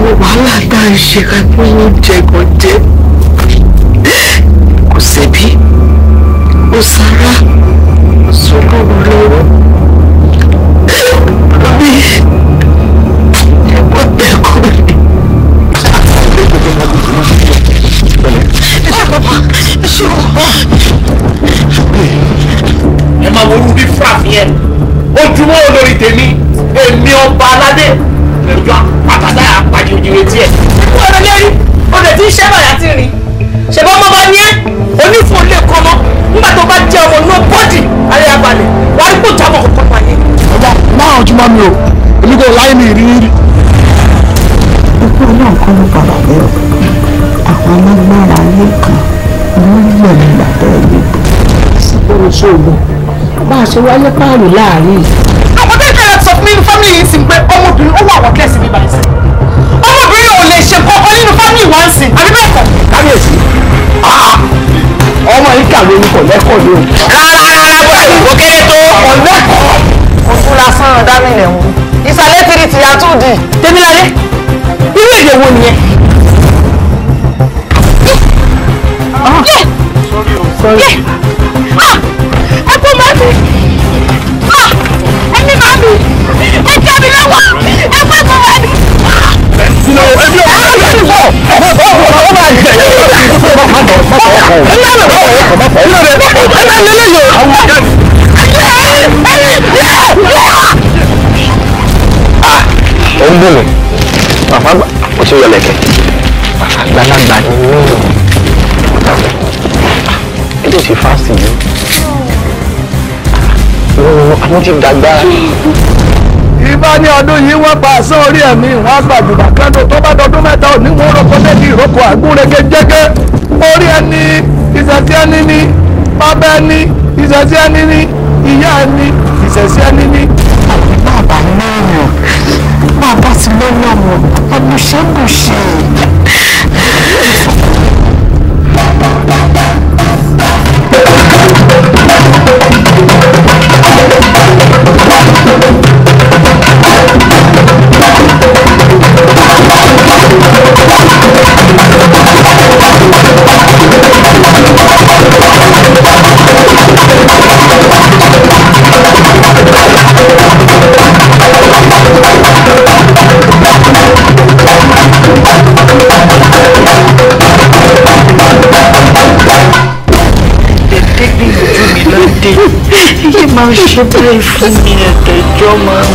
wo wàhálà tá à ń ṣe ká tó oúnjẹ kan jẹ kò sẹ́bí kò sára sọ́kọ̀ wọn lọ́wọ́ mi ẹ̀kọ́ tẹ̀kọ́ mi. ẹ máa wo rúbí fúrafì yẹn ojúmọ́ olórí tèmi èmi ọba láyé mi rí rí. gbogbo náà kọ́ ló padà bẹ́ ọ àwọn alágbára ayé kan lórí ẹ̀mí bàbá ẹ̀ lébù. síbòrò ṣòwò bá a ṣe wáyé páàlù láàrin. àwọn kékeré láti sọ fún mi ní fámìlì yìí sì ń pé ọmọbìnrin ó wà wọ́kẹ́ sí mi báyìí sí. ọmọbìnrin ò lè ṣe kọ́kọ́ nínú fámìlì wa ń sìn àbí bẹ́ẹ̀ kọ́. kábíyèsí ah, ah. ọmọ yìí kà lórúkọ lẹ́kọ̀ọ́ lóhùn. rárá òdì tẹ́míládé irú èdè wo nìyẹn. ẹ kú máa mi ẹni máa mi ẹ jẹ́ mi lọ́wọ́ ẹ pẹ́ mọ́ wá mi. Sinọ ebi o ma bẹ fọ ma fọ ma fọ ma jẹ ẹ ma fọ ma fọ ma fọ ẹ ma fọ ma fọ ẹ ma fọ ẹ ma lele yo. Awo jẹ mi. Ẹ ẹ ẹ ẹ ń dùn mí bàbá àgbà ó ti yọlẹ̀ kẹ̀ bàbá àgbàlagbà ni mí ẹ lè ṣe fásitì yìí ah, àwọn ti dàgbà. ìbá ní ọdún yìí wọ́n pa àṣẹ orí ẹ̀mí wọn àgbàjùbà kẹ́ńtò tó bá dọdún mẹ́ta òní wọn rọ́kọ débi ìrókò àgúnrege jẹ́gẹ́ orí ẹni ìṣẹ̀sí ẹni ní ọbẹ̀ ẹni ìṣẹ̀sí ẹni ní ìyá ẹni ìṣẹ̀sí ẹni ní. àti bàbá náà bá ti lọ́wọ́ wọn ẹnu ṣẹ́kùṣẹ́. Je pas les filles, mais t'es maman.